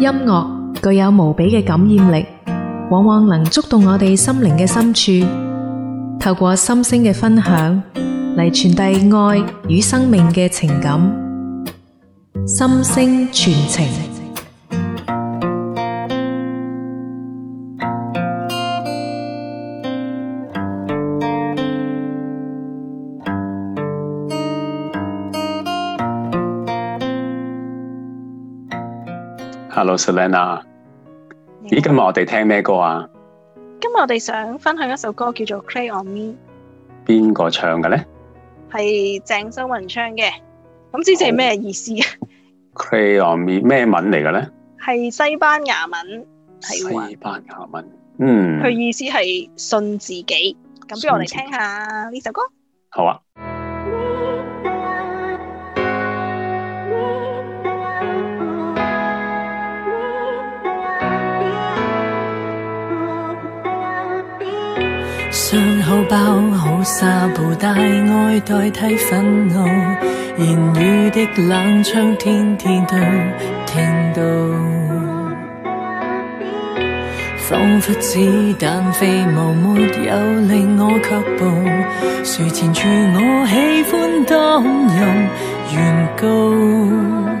音樂具有無比嘅感染力，往往能觸動我哋心靈嘅深處。透過心聲嘅分享嚟傳遞愛與生命嘅情感，心聲傳情。Hello, Selena。咦，今日我哋聽咩歌啊？今日我哋想分享一首歌叫做《Creo en Mi》。邊個唱嘅咧？係鄭秀文唱嘅。咁知唔知係咩意思啊？Oh.Creo en Mi 咩文嚟嘅咧？係西班牙文。係西班牙文。嗯。佢意思係信自己。咁不如我哋聽下呢首歌。好啊。傷口包好紗布，大愛代替憤怒，言語的冷槍，天天都聽到。仿佛子彈飛舞，沒有令我卻步，誰纏住我？喜歡當任原告。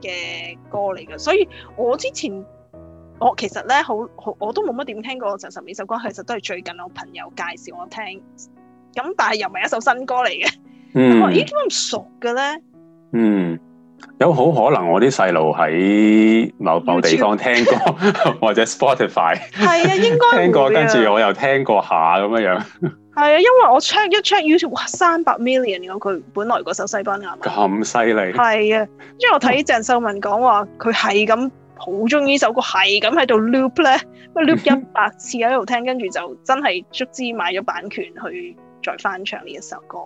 嘅歌嚟嘅，所以我之前我其實咧，好好我都冇乜點聽過嘅時候，就係、首歌其實都係最近我朋友介紹我聽，咁但係又唔係一首新歌嚟嘅。嗯，咦點解咁熟嘅咧？嗯，有好可能我啲細路喺某某地方聽過， 或者 Spotify 係啊，應該聽過，跟住、啊、我又聽過下咁樣樣。係啊，因為我 check 一 check YouTube，三百 million 你講佢本來嗰首西班牙文咁犀利。係啊，因為我睇鄭秀文講話，佢係咁好中意呢首歌，係咁喺度 loop 咧，乜 loop 一百次喺度聽，跟住 就真係卒之買咗版權去再翻唱呢一首歌。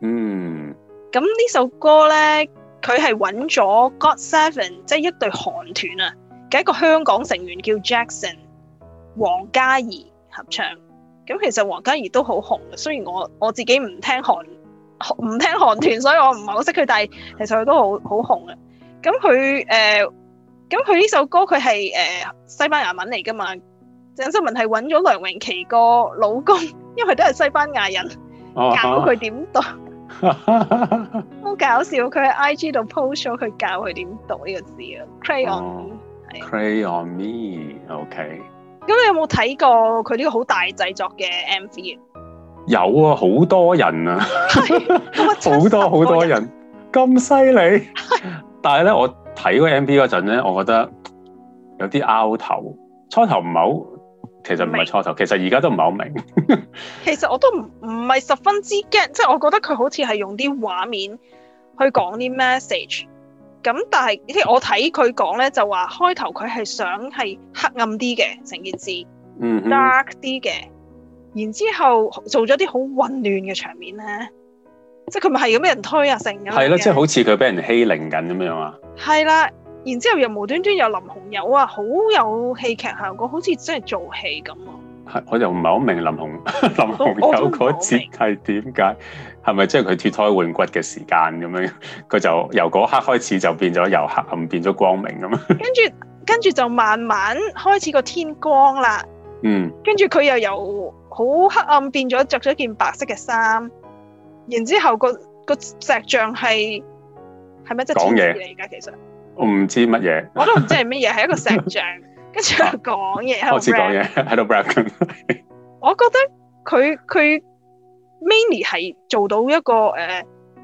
嗯，咁呢首歌咧，佢係揾咗 GOT7，即係一隊韓團啊，嘅一個香港成員叫 Jackson 王嘉爾合唱。咁其實王嘉儀都好紅嘅，雖然我我自己唔聽韓唔聽韓團，所以我唔係好識佢，但係其實佢都好好紅嘅。咁佢誒，咁佢呢首歌佢係誒西班牙文嚟㗎嘛？鄭秀文係揾咗梁詠琪個老公，因為佢都係西班牙人，oh, 教佢點讀，好、oh. 搞笑。佢喺 IG 度 post 咗佢教佢點讀呢個字啊，Creo en mi, Creo en mi，OK、okay. 咁你有冇睇過佢呢個好大製作嘅 MV 啊？有啊，好多人啊，好 多好 70 多人，咁犀利。 但係咧，我睇嗰個 MV 嗰陣咧，我覺得有啲拗頭，初頭唔係好，其實唔係初頭，白其實而家都唔係好明。 其實我都唔唔係十分之 get 即係我覺得佢好似係用啲畫面去講啲 message。咁但係、嗯嗯，即係我睇佢講咧，就話開頭佢係想係黑暗啲嘅成件事，dark 啲嘅，然之後做咗啲好混亂嘅場面咧，即係佢咪係咁俾人推啊成日，係咯，即係好似佢俾人欺凌緊咁樣啊！係啦，然之後又無端端又淋紅油啊，好有戲劇效果，好似真係做戲咁啊！我就唔係好明林紅林紅有個節係點解，係咪即係佢脫胎換骨嘅時間咁樣？佢就由嗰刻開始就變咗由黑暗變咗光明咁樣？跟住跟住就慢慢開始個天光啦。嗯。跟住佢又由好黑暗變咗，着咗一件白色嘅衫。然之後嗰個個石像係係咪即係講嘢嚟㗎？係話其實我唔知乜嘢，我都唔知係乜嘢，係 一個石像。跟住講嘢，開始講嘢，喺度、啊。我知講嘢，喺度。我覺得佢佢 mini 係做到一個誒、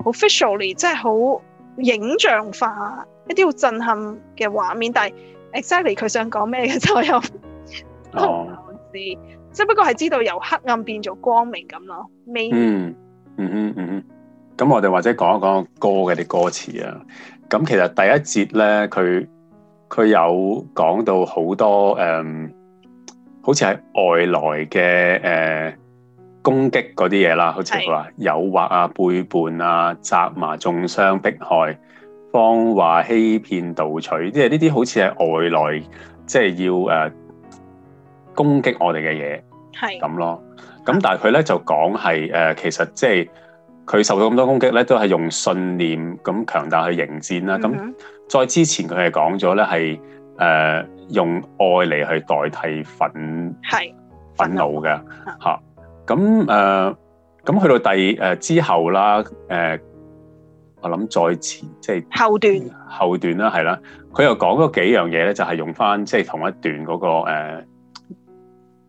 uh，officially 即係好影像化，一啲好震撼嘅畫面。但係 exactly 佢想講咩嘅，就又都唔知。 oh. 只不過係知道由黑暗變做光明咁咯。mini 嗯嗯哼嗯哼。咁、嗯、我哋或者講一講歌嘅啲歌詞啊。咁其實第一節咧，佢。佢有講到好多誒、嗯，好似係外來嘅誒、呃、攻擊嗰啲嘢啦，好似佢話誘惑啊、背叛啊、責罵、中傷、迫害、謊話、欺騙、盜取，即係呢啲好似係外來，即、就、係、是、要誒、呃、攻擊我哋嘅嘢，係咁是咯。咁但係佢咧就講係誒，其實即係佢受到咁多攻擊咧，都係用信念咁強大去迎戰啦。咁、嗯哼再之前佢係講咗咧，係、呃、誒用愛嚟去代替憤，係是憤怒嘅吓。咁誒咁去到第誒、呃、之後啦，誒、呃、我諗再前即係、就是、後段，後段啦係啦，佢又講嗰幾樣嘢咧，就係、是、用返即係同一段嗰、那個、呃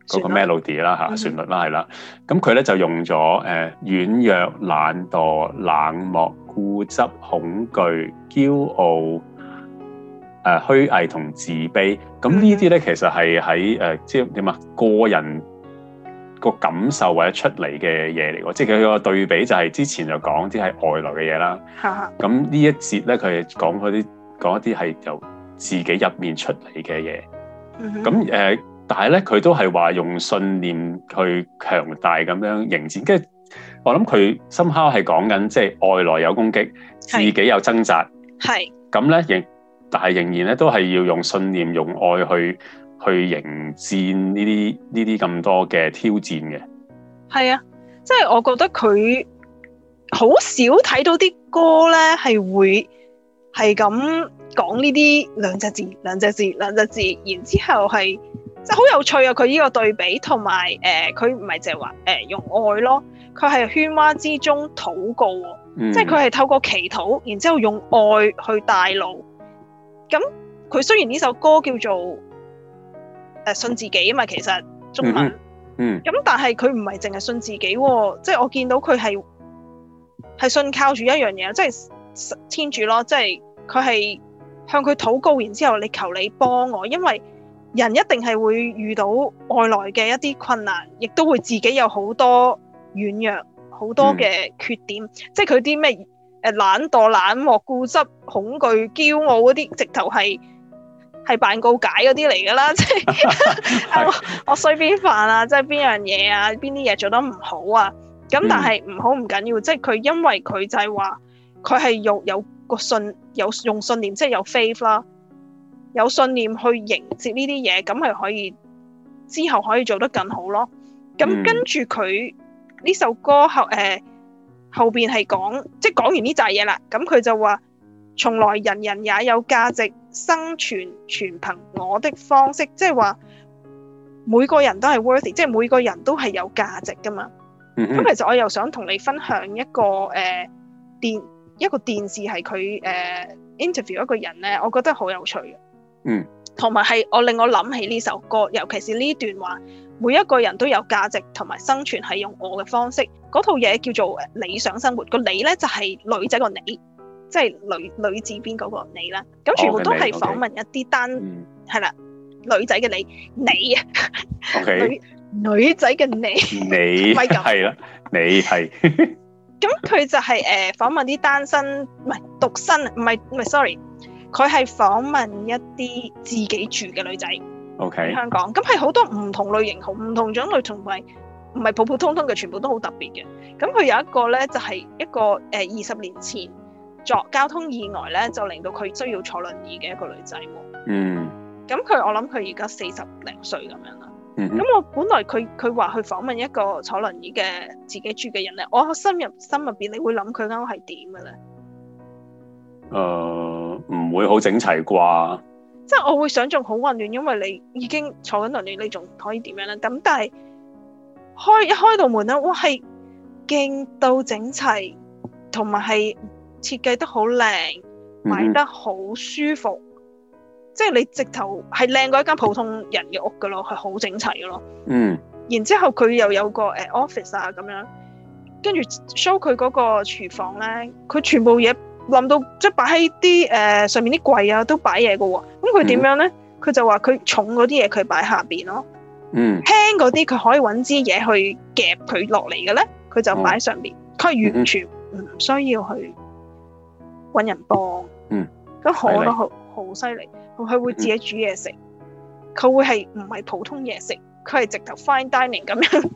嗰個 melody 啦嚇、啊，啊、旋律啦係啦，咁佢咧就用咗誒、呃、軟弱、懶惰、冷漠、固執、恐懼、驕、呃、傲、誒虛偽同自卑，咁呢啲咧、嗯、哼其實係喺誒即係點啊個人個感受或者出嚟嘅嘢嚟㗎，即佢個對比就係、是、之前就講啲係外來嘅嘢啦，咁呢、啊、一節咧佢講嗰啲講一啲係由自己入面出嚟嘅嘢，咁誒、嗯哼。但係咧，佢都係話用信念去強大咁樣迎戰。跟住我諗佢深刻係講緊，即係外來有攻擊，是自己有掙扎。係咁咧，仍但係仍然咧，都係要用信念、用愛去去迎戰呢啲呢啲咁多嘅挑戰嘅。係啊，即係我覺得佢好少睇到啲歌咧，係會係咁講呢啲兩隻字、兩隻字、兩隻字，然之後係。即係好有趣啊！佢呢個對比同埋誒，佢唔係淨係話誒用愛咯，佢係喧嘩之中禱告喎、哦，mm hmm. 即係佢係透過祈禱，然後之後用愛去帶路。咁佢雖然呢首歌叫做誒、呃、信自己嘛，其實中文嗯咁，mm hmm. mm hmm. 但係佢唔係淨係信自己喎、哦，即係我見到佢係係信靠住一樣嘢，即係天主咯，即係佢係向佢禱告，然後之後你求你幫我，因為。人一定係會遇到外來嘅一啲困難，亦都會自己有好多軟弱、好多嘅缺點，嗯、即係佢啲咩誒懶惰、冷漠、固執、恐懼、驕傲嗰啲，直頭係係扮告解嗰啲嚟噶啦，即係我衰邊瓣啊，即係邊樣嘢啊，邊啲嘢做得唔好啊，咁但係唔好唔緊要，嗯、即係佢因為佢就係話佢係有有個信有用信念，即係有 faith 啦。有信念去迎接呢啲嘢，咁咪可以之後可以做得更好咯。咁跟住佢呢首歌後誒、呃、後邊係講，即係講完呢扎嘢啦。咁佢就話從來人人也有價值，生存全憑我的方式，即係話每個人都係 worthy，即係每個人都係有價值噶嘛。咁 其實我又想同你分享一個誒、呃、電一個電視係佢誒、呃、interview 一個人咧，我覺得好有趣嘅。嗯，同埋係我令我諗起呢首歌，尤其是呢段話，每一個人都有價值，同埋生存係用我嘅方式。嗰套嘢叫做誒理想生活，個你咧就係、是、女仔個你，即係女女字邊嗰個你啦。咁全部都係訪問一啲單係啦、哦 okay.，女仔嘅你，你啊 Okay.，女女仔嘅你，你係咯， 你係。咁佢 就係誒訪問啲單身，唔係獨身，唔係唔係，sorry。佢係訪問一啲自己住嘅女仔，OK，喺香港咁係好多唔同類型、唔同種類，同埋唔係普普通通嘅，全部都好特別嘅。咁佢有一個咧，就係、係、一個誒二十年前作交通意外咧，就令到佢需要坐輪椅嘅一個女仔嗯。咁佢、mm hmm. 我諗佢而家四十零歲咁樣啦。咁、mm hmm. 我本來佢佢話去訪問一個坐輪椅嘅自己住嘅人咧，我深入心入邊，你會諗佢間屋係點嘅咧？誒，唔、uh, 會好整齊啩？即係我會想象好混亂，因為你已經坐緊度亂，你仲可以點樣咧？咁但係開一開道門咧，哇係勁到整齊，同埋係設計得好靚，擺得好舒服。Mm hmm. 即係你直頭係靚過一間普通人嘅屋噶咯，係好整齊嘅咯。嗯、hmm. 然之後佢又有個誒 office 啊，咁樣，跟住 show 佢嗰個廚房咧，佢全部嘢。諗到即擺喺啲誒上面啲櫃啊，都擺嘢嘅喎。咁佢點樣咧？佢、嗯、就話佢重嗰啲嘢佢擺下邊咯，嗯、輕嗰啲佢可以搵支嘢去夾佢落嚟嘅咧。佢就擺喺上面，佢、嗯、係完全唔需要去搵人幫。咁好、嗯、得好好犀利。佢會自己煮嘢食，佢會係唔係普通嘢食？佢係直頭 fine dining 咁樣。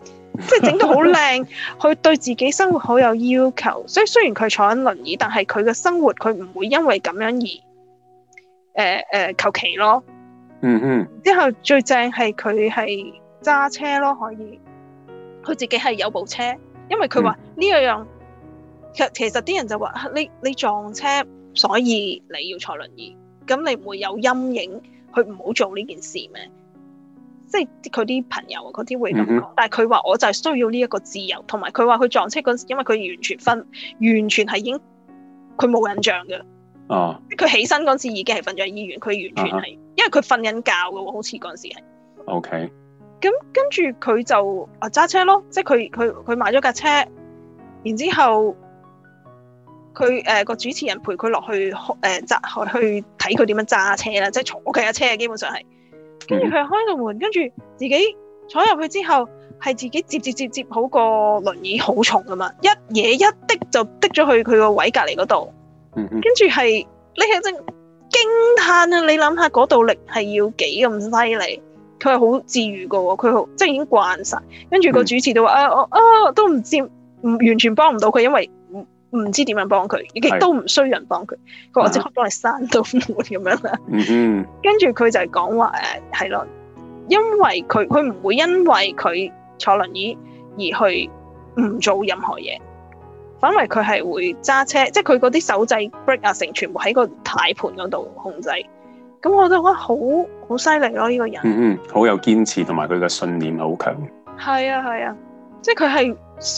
即係整到好靚，佢 對自己生活好有要求，所以雖然佢坐緊輪椅，但係佢嘅生活佢唔會因為咁樣而誒誒求其咯。嗯哼，之後最正係佢係揸車咯，可以，佢自己係有部車，因為佢話呢樣樣，其實啲人就話你你撞車，所以你要坐輪椅，咁你唔會有陰影，去唔好做呢件事咩？即係佢啲朋友嗰啲會咁講，但係佢話我就係需要呢一個自由，同埋佢話佢撞車嗰時，因為佢完全瞓，完全係已經佢冇印象㗎喇。哦，佢起身嗰時已經係瞓咗喺醫院，佢完全係、啊啊啊、因為佢瞓緊覺㗎喎，好似嗰時係。OK，咁跟住佢就啊揸車咯，即係佢佢佢買咗架車，然之後佢誒個主持人陪佢落去誒揸、呃、去睇佢點樣揸車啦，即係坐佢架車，基本上係。跟住佢開個門，跟住自己坐入去之後，係自己接接接接好個輪椅好重噶嘛，一嘢一滴就滴咗去佢個位隔離嗰度。 跟住係你係真驚歎啊！你諗下嗰度力係要幾咁犀利，佢係好治癒噶喎，佢好即係已經慣晒。跟住個主持都話、 啊：，啊我啊都唔知，唔完全幫唔到佢，因為。唔知點樣幫佢，亦都唔需要人幫佢。佢或者可以幫你閂到門咁樣啦。 嗯哼，跟住佢就係講話誒，係、嗯、咯，因為佢佢唔會因為佢坐輪椅而去唔做任何嘢，反為佢係會揸車，即係佢嗰啲手掣 break 啊，成全部喺個軚盤嗰度控制。咁我覺得好，好犀利咯！呢、這個人，嗯嗯，好有堅持同埋佢嘅信念好強。係啊，係啊。即係佢係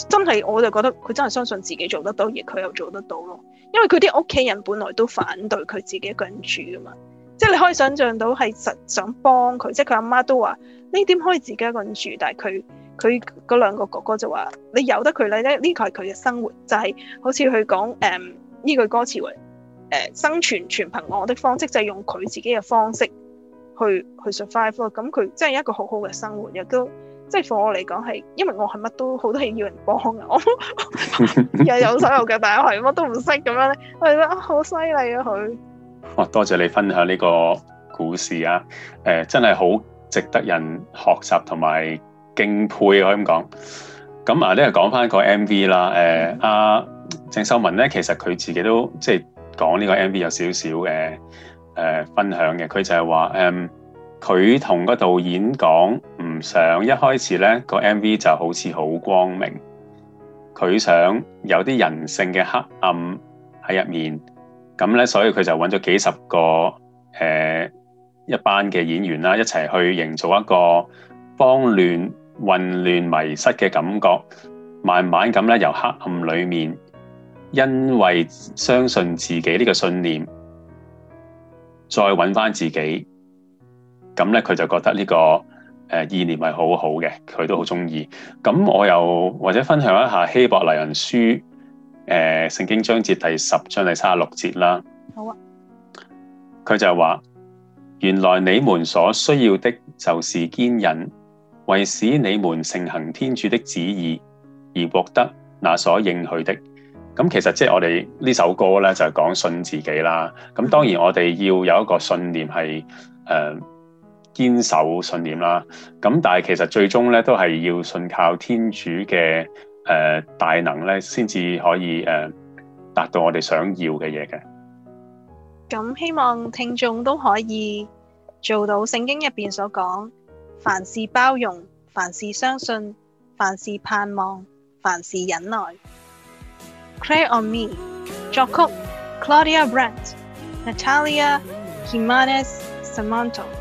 真係，我就覺得佢真係相信自己做得到，而佢又做得到咯。因為佢啲屋企人本來都反對佢自己一個人住㗎嘛。即係你可以想像到係實想幫佢，即係佢阿媽都話：呢點可以自己一個人住？但係佢佢嗰兩個哥哥就話：你由得佢啦，呢呢個係佢嘅生活，就係、是、好似佢講誒呢句歌詞為誒、呃、生存全憑我的方式，就係、是、用佢自己嘅方式去去 survive 咯。咁佢真係一個很好好嘅生活，亦都。即係我嚟講係，因為我係乜都好多嘢要人幫 啊！我又有手有腳，但係我係乜都唔識咁樣咧，我覺得好犀利啊佢。哇！多謝你分享呢個故事啊！誒、呃，真係好值得人學習同埋敬佩說，我咁講。咁啊，呢個講翻個 M V 啦。誒、呃，阿鄭、嗯啊、秀文咧，其實佢自己都即係講呢個 M V 有少少誒誒、呃呃、分享嘅。佢就係話，誒、呃，佢同個導演講。想一開始咧個 MV 就好似好光明，佢想有啲人性嘅黑暗喺入面，咁咧所以佢就揾咗幾十個誒、呃、一班嘅演員啦，一齊去營造一個慌亂、混亂、迷失嘅感覺，慢慢咁咧由黑暗裏面，因為相信自己呢個信念，再揾返自己，咁咧佢就覺得呢、這個。意念係好好嘅，佢都好中意。咁我又或者分享一下希伯來人書誒、呃、聖經章節第十章第三十六節啦。好啊，佢就話：原來你們所需要的就是堅忍，為使你們盛行天主的旨意而獲得那所應許的。咁其實即係我哋呢首歌咧，就係、是、講信自己啦。咁當然我哋要有一個信念係誒。呃堅守信念啦，咁但係其實最終咧都係要信靠天主嘅誒大能咧，先至可以誒達到我哋想要嘅嘢嘅。咁希望聽眾都可以做到聖經入邊所講，凡事包容，凡事相信，凡事盼望，凡事忍耐。Creo en Mi, 作曲 Claudia Brant Natalia Jimenez Sarmanto